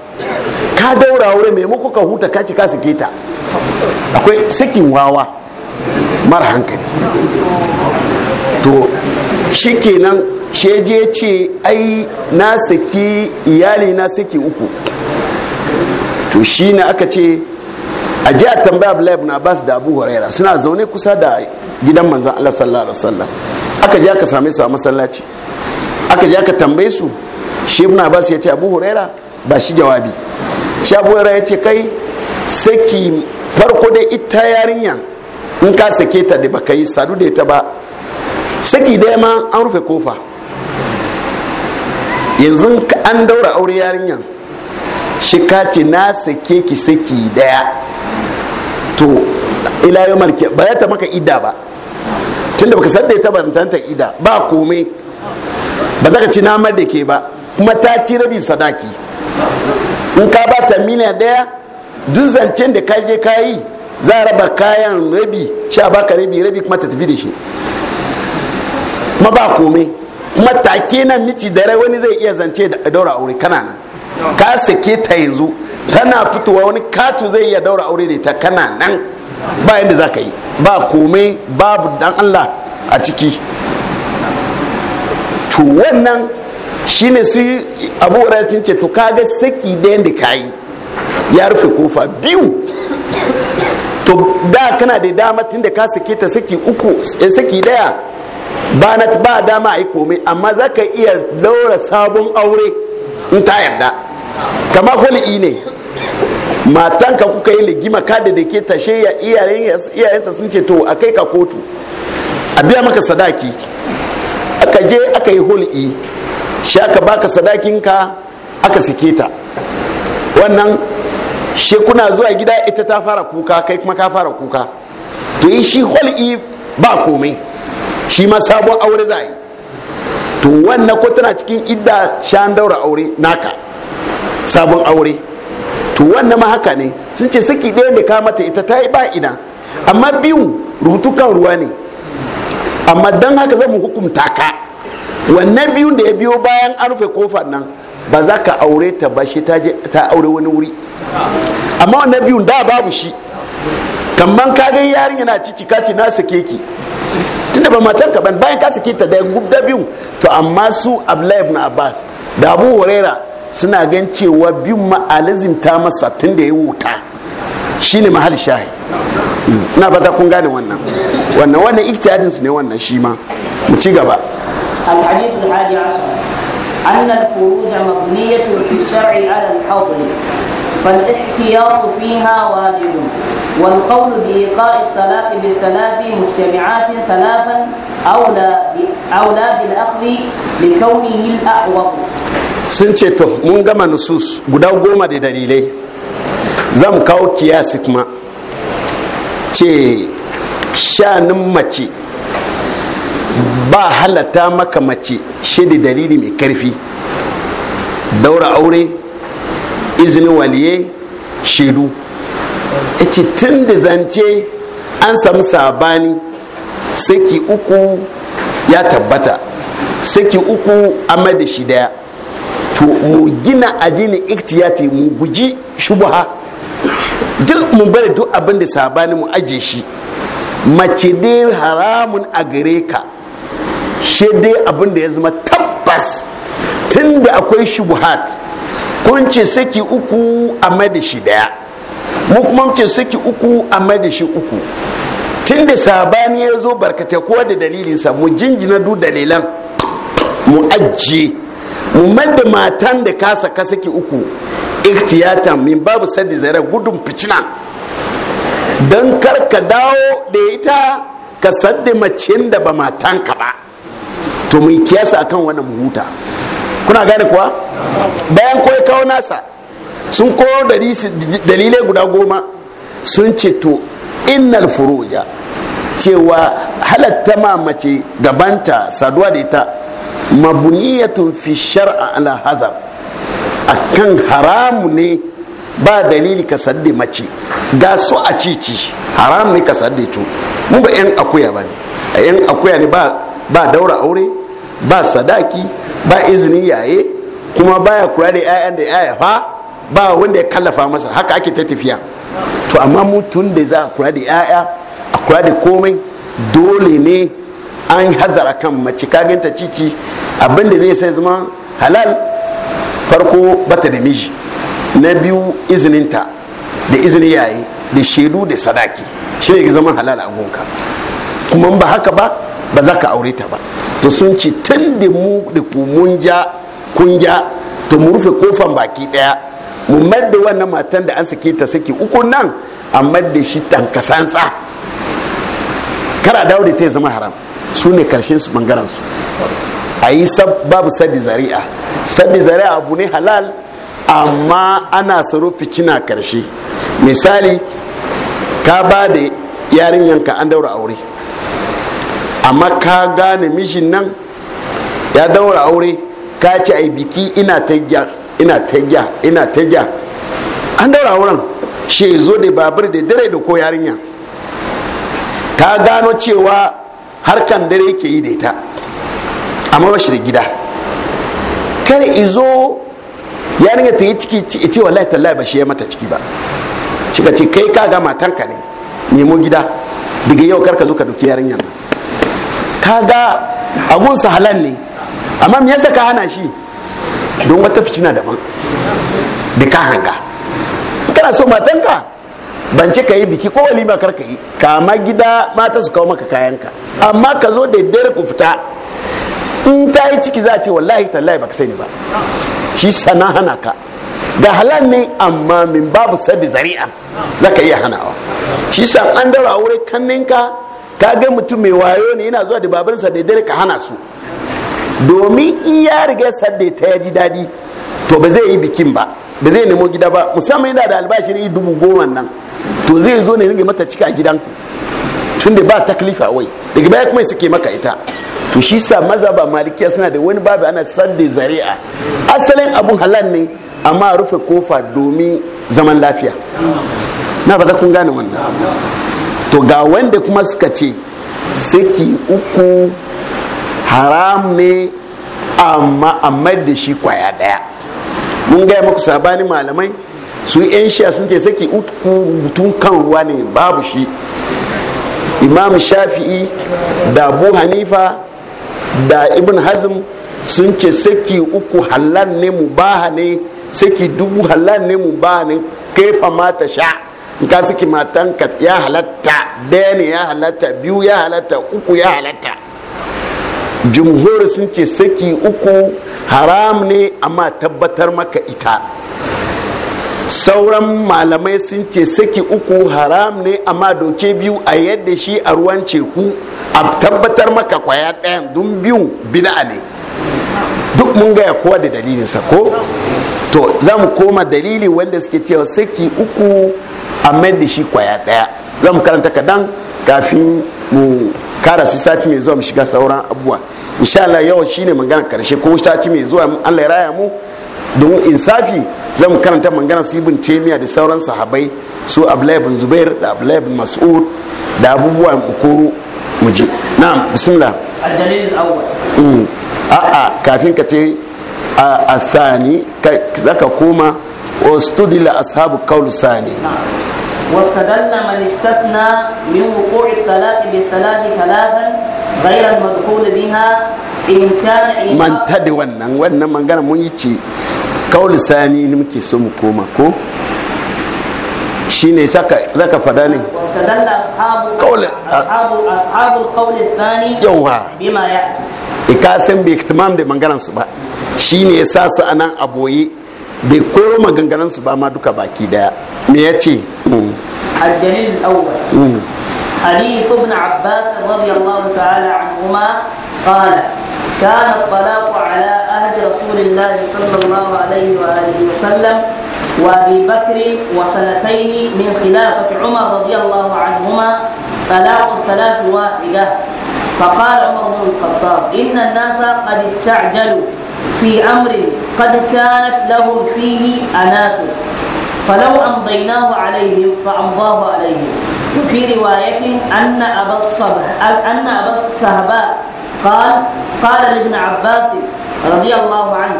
ka daura wurin muku ka huta ka ci ka ta akwai sakin wawa mara hankali to shi kenan sheje ce ai na saki iyali na saki uku to shi ne aka ce a ji a tambaya Abdullahi ibn Abbas da Abu Huraira suna zaune kusa da gidan manzan Allah sallallahu alaihi wasallam aka ji aka same su a masallaci aka ji aka tambaye su shi ibn Abbas ya ce Abu Huraira ba shi jawabi shi abuwara ya ce kai saki farko dai ita yarinya in ka sake ta da baka yi sadu da ita ba saki dai ma an rufe kofa yanzu an daura aure yarinya shi ka ce na sake ki saki daya to ilayen marke ba ya ta maka ida ba tunda baka san da ita ba ta ida ba komai ba za ka ci namar da ke ba kuma ta ci rabin sadaki in ka ba ta miliyan daya duk zancen da ka je ka yi za a raba kayan rabi sha baka rabi rabi kuma ta tafi da shi kuma ba komai kuma take nan miti da rai wani zai iya zance da daura aure kana nan ka sake ta yanzu tana fitowa wani katu zai iya daura aure da ta kana nan ba yadda za ka yi ba komai babu dan allah a ciki to wannan shine su abu ratin ce to kaga saki ɗayan da kayi ya rufe kofa biyu to da kana da dama tun da ka sake ta saki uku eh, saki daya ba na ba dama ai komai amma za ka iya laura sabon aure in ta yarda kama hul'i ne matanka kuka yi ligima ka da da ke tashe ya iyayensa sun ce to a kai ka kotu a biya maka sadaki aka je aka yi hul'i shi aka baka sadakinka aka sike ta wannan shi kuna zuwa gida ita ta fara kuka kai kuma ka fara kuka to yi shi hul'i ba komai shi ma sabon aure za yi to wannan ko tana cikin idda shan daura aure naka sabon aure to wannan ma haka ne sun ce saki ɗaya da ka mata ita ta yi ba ina amma biyu rubutu kan ruwa ne amma don haka zan hukumta ka wannan biyun da ya biyo bayan an rufe kofar nan ba za ka aure ta ba shi ta aure wani wuri amma wannan biyun da babu shi kamar ka ga yarin yana ciki kaci na sake ki tunda ba matar ka bayan ka sake ta da gubda biyun to amma su Abdullahi ibn Abbas da Abu Huraira suna gan cewa biyun ma ta masa tunda ya wuta shine mahal shahi ina fata kun gane wannan wannan wannan ijtihadin su ne wannan shi ma mu ci gaba الحديث الحادي عشر أن الفروج مبنية في الشرع على فالاحتياط فيها واجب والقول الطلاق مجتمعات ثلاثا أولى أولى بالأخذ لكونه الأعوض sun ce to mun gama nusus guda goma da dalilai zan kawo kiyasi kuma ce shanin mace ba halata maka mace shi da dalili mai karfi daura aure izini waliye shaidu ce tun da zance an samu sabani saki uku ya tabbata saki uku amma da shi daya to mu gina ajini iktiyati mu guji shubuha duk mu bari duk abin da sabani mu aje shi mace dai haramun a gare ka shi dai abin da ya zama tabbas tun da akwai shubuhat kun ce saki uku a da shi daya mu kuma ce saki uku a da shi uku tun da sabani ya zo barkata kowa da dalilinsa mu jinjina duk dalilan mu ajiye mu da matan da kasa saka saki uku iktiyatan min babu sadi zare gudun ficina don kar ka dawo da ita ka sadi macen da ba matanka ba to mun kiyasa akan wannan huta kuna gane kuwa bayan kawai kawo nasa sun koyo dalilai guda goma sun ce to innal furuja cewa halatta ma mace gabanta saduwa da ita mabuniyatun fi shar'a ala a kan haramu ne ba dalili ka sadde mace ga su a cici haram ne ka sadde to mu ba yan akuya ba ne a yan akuya ne ba daura aure ba sadaki ba izini yaye kuma ba ya kula da 'ya'yan da 'ya'ya fa ba wanda ya kallafa masa haka ake ta tafiya to amma mutum da za a kula da 'ya'ya a kula da komai dole ne an hazara kan mace kaganta cici abinda zai sai zama halal farko bata da miji na biyu izininta da izini yayi da shaidu da sadaki shi ne zama halal a gunka kuma ba haka ba ba za ka aure ta ba to sun ce tun da mu da ja kun ja to mu rufe kofan baki daya mu madda wannan matan da an sake ta saki uku nan a madda shi tankasansa kara dawo da ta zama haram su ne karshen su bangaren su a yi babu sadi zari'a sadi zari'a abu ne halal amma ana saro ficina karshe misali ka ba da yarinyanka an daura aure amma ka gane mishin nan ya daura aure ka ce yi biki ina ta ina tagya ina tagya an daura auren shi zo da babur da dare da ko yarinya ta gano cewa harkan dare ke yi da ita a ba gida kar izo ya ringa ta yi ciki ce wallahi tallahi ba shi ya mata ciki ba shi ka ce kai ka ga matanka ne nemo gida daga yau karka zo ka duki yarinyar nan ka ga abunsa halal ne amma me yasa ka hana shi don wata fitina daban da ka hanga kana so matanka ban ce ka yi biki ko walima kar ka yi kama gida mata su kawo maka kayanka amma ka zo da dare ku fita in ta yi ciki za a ce wallahi tallahi baka sani ba shi sana hana ka da halal ne amma min babu sadi zari'a za ka iya hanawa shi sa an dara wuri kanninka ka ga mutum mai wayo ne yana zuwa da babansa da dare ka hana su domin in ya riga sadi ta ya ji daɗi to ba zai yi bikin ba ba zai nemo gida ba musamman yana da albashin yi dubu goma nan to zai zo ne ringa mata cika gidan tun da ba taklifa wai daga baya kuma suke maka ita to shi sa ba malikiya suna da wani babu ana san sadde zari'a asalin abun halal ne amma rufe kofa domin zaman lafiya na ba kun gane wannan to ga wanda kuma suka ce saki uku haram ne amma amma da shi kwaya daya mun gaya muku sabani malamai su yan shiya sun ce saki uku tun kan ruwa ne babu shi imam shafi'i da abu hanifa da ibn hazm sun ce saki uku halal ne mu baha ne saki dubu halal ne mu baha ne kefa mata sha in ka saki ka ya halatta daya ne ya halatta biyu ya halatta uku ya halatta jumhuri sun ce saki uku haram ne amma tabbatar maka ita sauran malamai sun ce saki uku haram ne amma doke biyu a yadda shi a ruwan ceku a tabbatar maka kwaya ɗayan don biyu bida ne duk mun gaya kowa da dalilinsa ko to za mu koma dalili wanda suke cewa saki uku a da shi kwaya ɗaya za mu karanta kaɗan kafin mu kara su sati mai zuwa mu shiga sauran abubuwa insha Allah yau shine magana karshe ko sati mai zuwa Allah ya raya mu don insafi zamu karanta magana su ibn taymiya da sauran sahabbai su abdullah ibn zubair da abdullah ibn mas'ud da abubuwa mu koro mu ji na'am bismillah al-dalil al-awwal mm. a'a kafin ka ce a sani zaka koma wa studila ashabu qawl sani واستدل من استثنى من وقوع الطلاق بالثلاث ثلاثا غير المدخول بها ان كان من تد wannan wannan magana mun yi ce kauli sani ne muke so mu koma ko shine zaka zaka fada ne wastadalla ashabu qawl ashabu ashabu alqawl athani yawa bima ya'ti ka san bi iktimam da su ba shine yasa su anan aboye bai koro maganganunsu ba ma duka baki daya me ya ce الدليل الأول حديث ابن عباس رضي الله تعالى عنهما قال كان الطلاق على عهد رسول الله صلى الله عليه وآله وسلم وابي بكر وسنتين من خلافه عمر رضي الله عنهما طلاق الثلاث واحدة فقال عمر بن الخطاب إن الناس قد استعجلوا في أمر قد كانت لهم فيه أناتس فلو أمضيناه عليهم فأمضاه عليهم وفي رواية أن أبا الصبح أن أبا الصهباء قال قال لابن عباس رضي الله عنه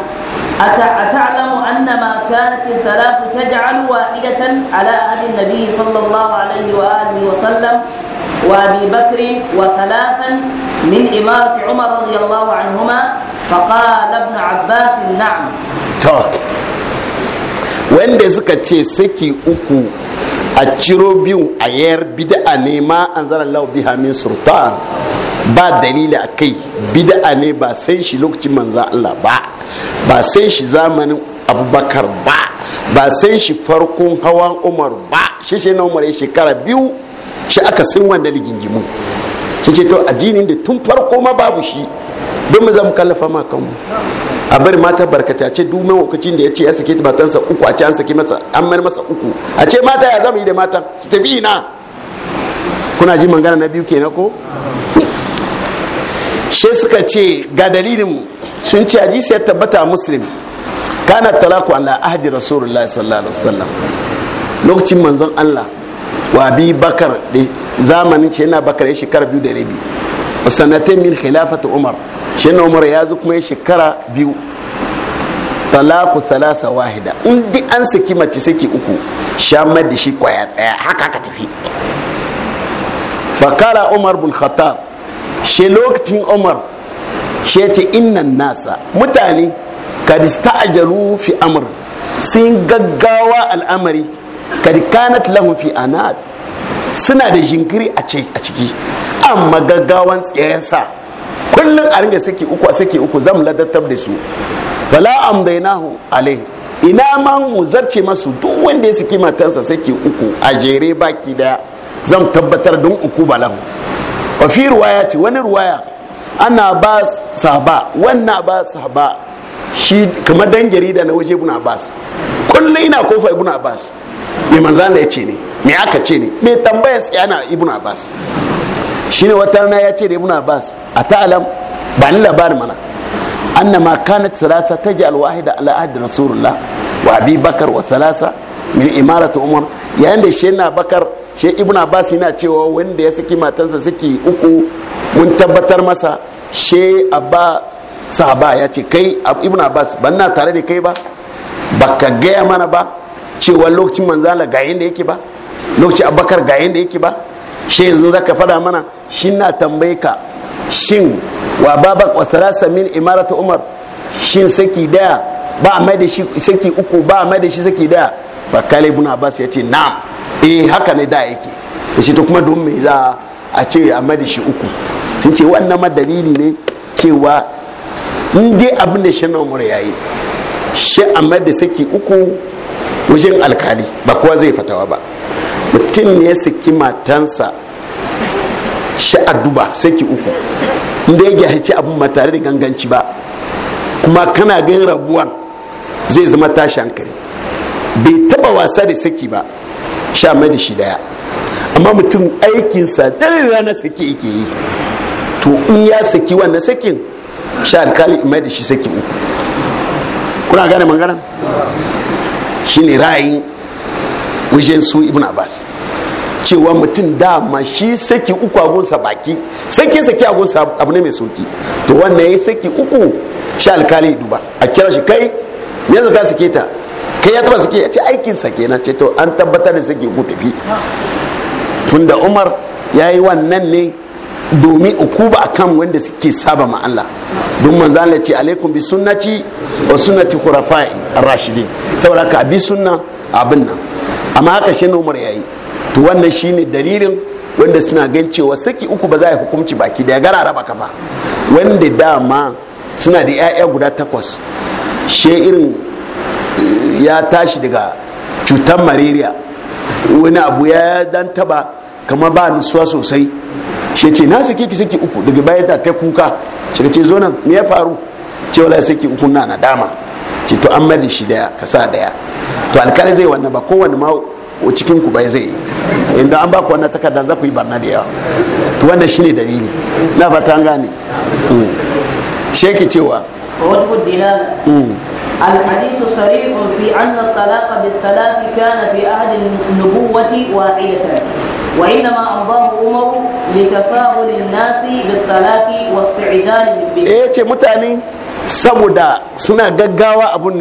أتعلم أن ما كانت الثلاث تجعل واحدة على أهل النبي صلى الله عليه وآله وسلم وأبي بكر وثلاثا من إمارة عمر رضي الله عنهما فقال ابن عباس نعم wanda suka ce saki uku a ciro biyu a yayar bida'a ne ma an zara lau biha min sultan ba dalili a kai bida'a ne ba san shi lokacin manzan Allah ba ba san shi zamanin abubakar ba ba san shi farkon hawan umar ba shi shi na umar shekara biyu shi aka san wanda ligingimu shi ce to ajinin da tun farko ma babu shi don mu zama kallafa ma kanmu a bari mata barkata ce duk lokacin da ya ce ya sake matansa uku a ce an sake masa an mayar masa uku a ce mata ya zama yi da mata su tafi ina kuna ji mangana na biyu kenan ko she suka ce ga dalilin sun ce hadisi ya tabbata muslim kana talaku ala ahdi rasulullahi sallallahu alaihi wasallam lokacin manzon Allah wa bi bakar da zamanin shi yana bakar ya shekara biyu da rabi sanatai min khilafat umar shi ne umar ya zo kuma shekara biyu talaku salasa wahida in di an saki mace saki uku sha madi shi kwaya daya haka ka tafi fakala umar bin khattab shi lokacin umar shi ce innan nasa mutane kad sta'jalu fi amr sun gaggawa al'amari kad kanat lahum fi anad suna da jinkiri a a ciki amma gaggawan tsayensa kullum a ringa saki uku a saki uku zan ladattar da su fala amdainahu alai ina man mu zarce masu duk wanda ya saki matansa saki uku a jere baki daya zan tabbatar don uku balahu wa fi ruwaya ce wani ruwaya ana ba sahaba wannan ba sahaba shi kamar dan jarida na waje ibn abbas kullum ina kofa ibn abbas mai manzana ya ce ne me aka ce ne me tambayan tsayana ibn abbas shine wata rana ya ce da ibn abbas a ta'alam ba ni labarin mana annama kanat salasa taji alwahida ala ahdi rasulullah wa abi bakar wa salasa min ta umar yayin da shi na bakar shi ibn abbas yana cewa wanda ya saki matansa saki uku mun tabbatar masa shi abba sahaba ya ce kai ibn abbas ban na tare da kai ba baka gaya mana ba cewa lokacin manzala ga da yake ba lokaci abakar ga yadda yake ba shi yanzu za ka fada mana shi na tambaye ka shin wa babak wa samin min imarata umar shin saki daya ba mai da shi saki uku ba mai da shi saki daya fa kale ibn abbas ya ce na'am eh haka ne da yake shi to kuma don me za a ce a mai da shi uku sun ce wannan ma dalili ne cewa in dai abin da shi na umar yayi shi a mai da saki uku wajen alkali ba kowa zai fatawa ba mutum ne ya saki matansa sha'aduba saki uku inda ya gyarci abin ba tare da ganganci ba kuma kana ganin rabuwan zai zama tashi hankali bai taba wasa da saki ba sha mai da shi daya amma mutum aikinsa dare rana saki yake yi to in ya saki wannan sakin sha alkali mai da shi saki uku kuna gane magana ne ra'ayin wajen su ibn abbas cewa mutum dama shi saki uku agunsa baki saki saki agunsa abu ne mai sauki to wannan ya saki uku sha alkali duba a kira shi kai yanzu ka sake ta kai ya taba sake ce aikin sake kenan ce to an tabbatar da saki uku tafi tunda umar ya yi wannan ne domin ukuba akan wanda suke saba ma Allah don manzan Allah ce alaikum bi sunnati wa sunnati khurafa'i ar-rashidin saboda ka bi sunna abin nan amma haka shi umar ya yi to wannan shi ne dalilin wanda suna gan cewa saki uku ba za a hukunci baki da ya gara raba kafa wanda dama suna da 'ya'ya guda takwas shi irin eh, ya tashi daga cutar malaria wani abu ya dan taba kama ba nutsuwa sosai shi ce na saki ki saki uku daga bayan ta ta kuka shi ce zo nan me ya faru ce wala sai ki uku na nadama ci to an mali shi daya ka sa daya to alkali zai wannan ba kowanne ma cikin ku bai zai inda an ba ku wannan takardar za ku yi barna da yawa to wannan shine dalili na fata an gane hmm. sheki cewa wani الحديث صريح في أن الطلاق بالطلاق كان في أهد النبوة واحدة وإنما أمضاه أمر لتساهل الناس بالطلاق واستعداد للبيت إيه متاني eh, saboda سنة gaggawa abun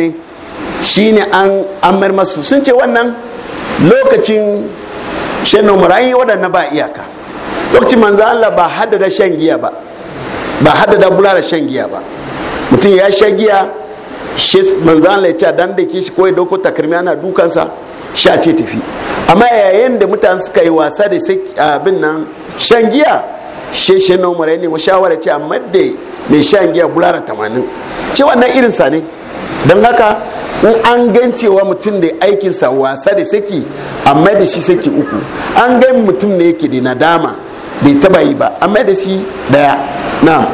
shine an amar masu sun ce wannan lokacin shan umar an yi waɗanda ba iyaka lokacin manzo Allah ba haddada shan giya ba ba haddada bula da shan giya ba mutum ya sha giya shi manzan Allah ya ce dan da ke shi ko ya dauko takarmi ana dukansa a ce tafi amma yayin da mutane suka yi wasa da sai abin nan shan giya shi shi na umar ne shawara ce amma da mai shan giya bulara tamanin ce wannan irin sa ne don haka in an gan cewa mutum da aikinsa wasa da saki amma da shi saki uku an gan mutum ne yake da nadama bai taba yi ba amma da shi daya na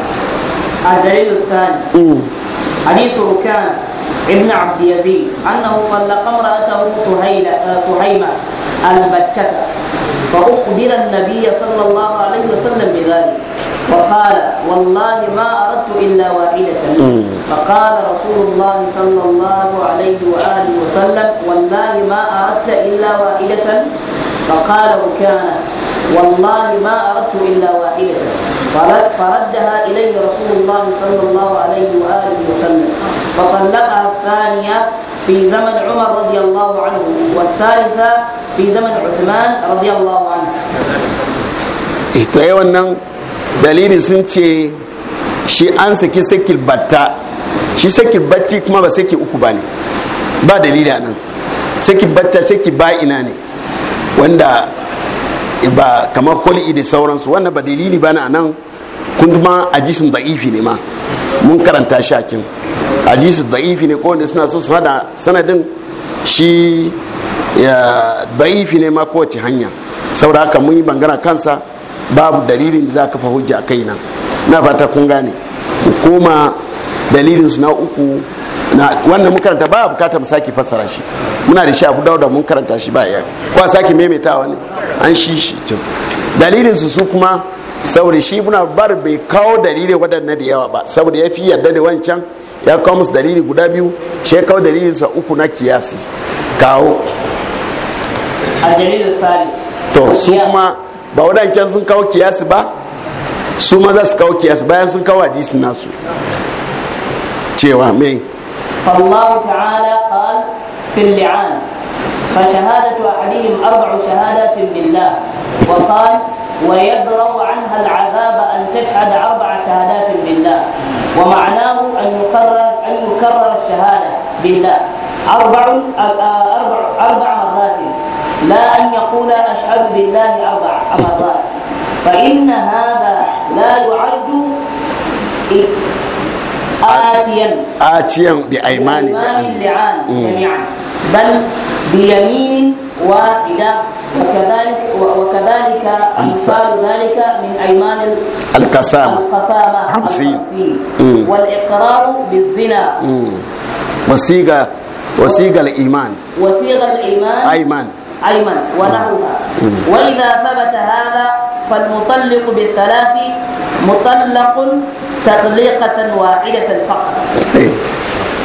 a dalilin حديث ركان ابن عبد يزيد أنه طلق امرأته سهيلة سهيمة البتة فأخبر النبي صلى الله عليه وسلم بذلك وقال والله ما أردت إلا واحدة فقال رسول الله صلى الله عليه وآله وسلم والله ما أردت إلا واحدة فقال ركان والله ما أردت إلا واحدة فردها إليه رسول الله صلى الله عليه وآله وسلم فطلقها الثانية في زمن عمر رضي الله عنه والثالثة في زمن عثمان رضي الله عنه to yi wannan dalili shi an saki sakil batta shi sakil batti kuma ba saki uku ba ne ba dalili a nan sakil batta saki ba ina ne wanda ba kamar hul'i da sauransu wannan ba dalili ba na nan kun kuma ajisin da'ifi ne ma mun karanta shakin ajisi da'ifi ne ko wanda suna so su hada sanadin shi da'ifi ne ma kowace hanya saboda haka mun yi bangana kansa babu dalilin da za ka fahujja a kai nan na fata kun gane koma dalilin su na uku na wannan mun karanta ba bukatar mu sake fassara shi muna da shi abu dauda mun karanta shi ba ya a sake maimaitawa ne an shi shi to dalilin su su kuma saboda shi muna bar bai kawo dalilin waɗannan da yawa ba saboda ya fi yarda da wancan ya kawo musu dalili guda biyu shi kawo dalilin sa uku na kiyasi kawo a dalilin salis to su kuma ba waɗancan sun kawo kiyasi ba su ma za su kawo kiyasi bayan sun kawo hadisin nasu شيوه فالله تعالى قال في اللعان فشهادة أحدهم أربع شهادات بالله وقال ويبرأ عنها العذاب أن تشهد أربع شهادات بالله ومعناه أن يكرر أن يكرر الشهادة بالله أربع أربع أربع مرات لا أن يقول أشهد بالله أربع مرات فإن هذا لا يعد آتيا آتيا بأيمان اللعان جميعا بل بيمين واحدة وكذلك وكذلك أمثال ذلك من أيمان القسامة القسامة خمسين والإقرار بالزنا وصيغة وصيغة الإيمان وصيغة الإيمان أيمان أيمان ونحوها وإذا ثبت هذا فالمطلق بالثلاث مطلق تطليقة واحدة فقط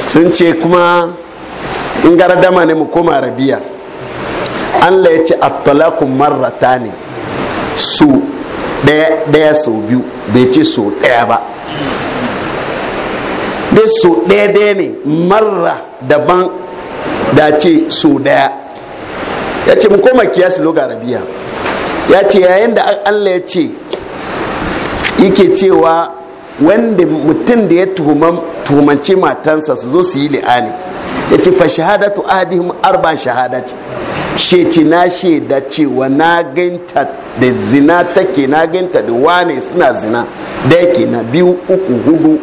sun ce kuma in gardama ne mu koma rabiya allah ya ce attalakun marrata ne su ɗaya sau biyu bai ce sau ɗaya ba dai sau ɗaya ɗaya ne marra daban da ce sau ɗaya, ya ce mu koma kiyasi loga rabiya ya ce yayin da allah ya ce yake cewa wanda mutum da ya tuhumanci matansa su zo su yi li'ani ya ce fa shahadatu adihim arba shahadati she ce na shaida cewa na ganta da zina take na ganta da wane suna zina da yake na biyu uku hudu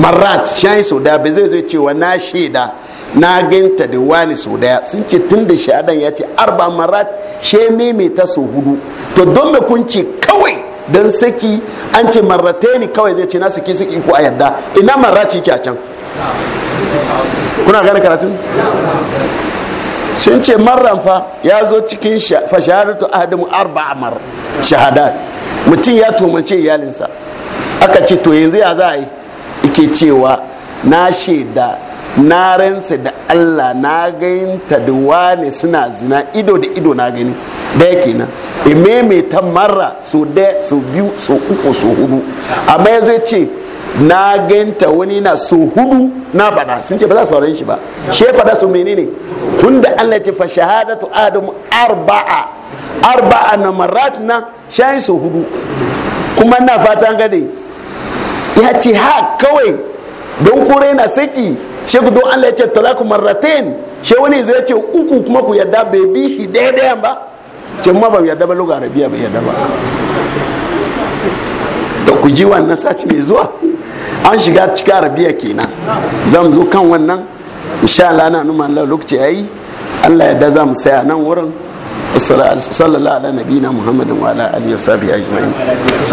marat shayi sau da ba zai zo cewa na shaida na ganta da wani sau daya sun ce tun da shaidan ya ce arba marat she maimaita sau hudu to don me kun ce kawai don saki an ce ne kawai zai ce na saki saki ko a yadda ina marati yake a can kuna gane karatun sun ce marran fa ya zo cikin fa shahadatu ahadamu arba mar shahadat mutum ya tumace iyalinsa aka ce to yanzu ya za a yi ike cewa na shaida na ransa da Allah na ganin taduwa ne suna zina ido da ido na gani da kenan na mai mara so daya so biyu so uku so hudu amma ya zai ce na ganta wani na so hudu na bada sun ce ba za su sauran shi ba she fada su menene da Allah ce fa shahadatu adamu arba'a arba'a na marat na shayin so hudu kuma na fatan gade ya ce ha kawai don kure na saki shi ku don Allah ya ce talaku marratain shi wani zai ce uku kuma ku yadda bai bi shi daidai ba ce ma ba yadda ba lugar arabiya bai yadda ba da ku ji wannan sati mai zuwa an shiga cikin arabiya kenan zan zo kan wannan insha Allah na numa Allah lokaci yayi Allah yarda za mu saya nan wurin sallallahu ala nabiyina muhammadin wa ala alihi wa sahbihi ajma'in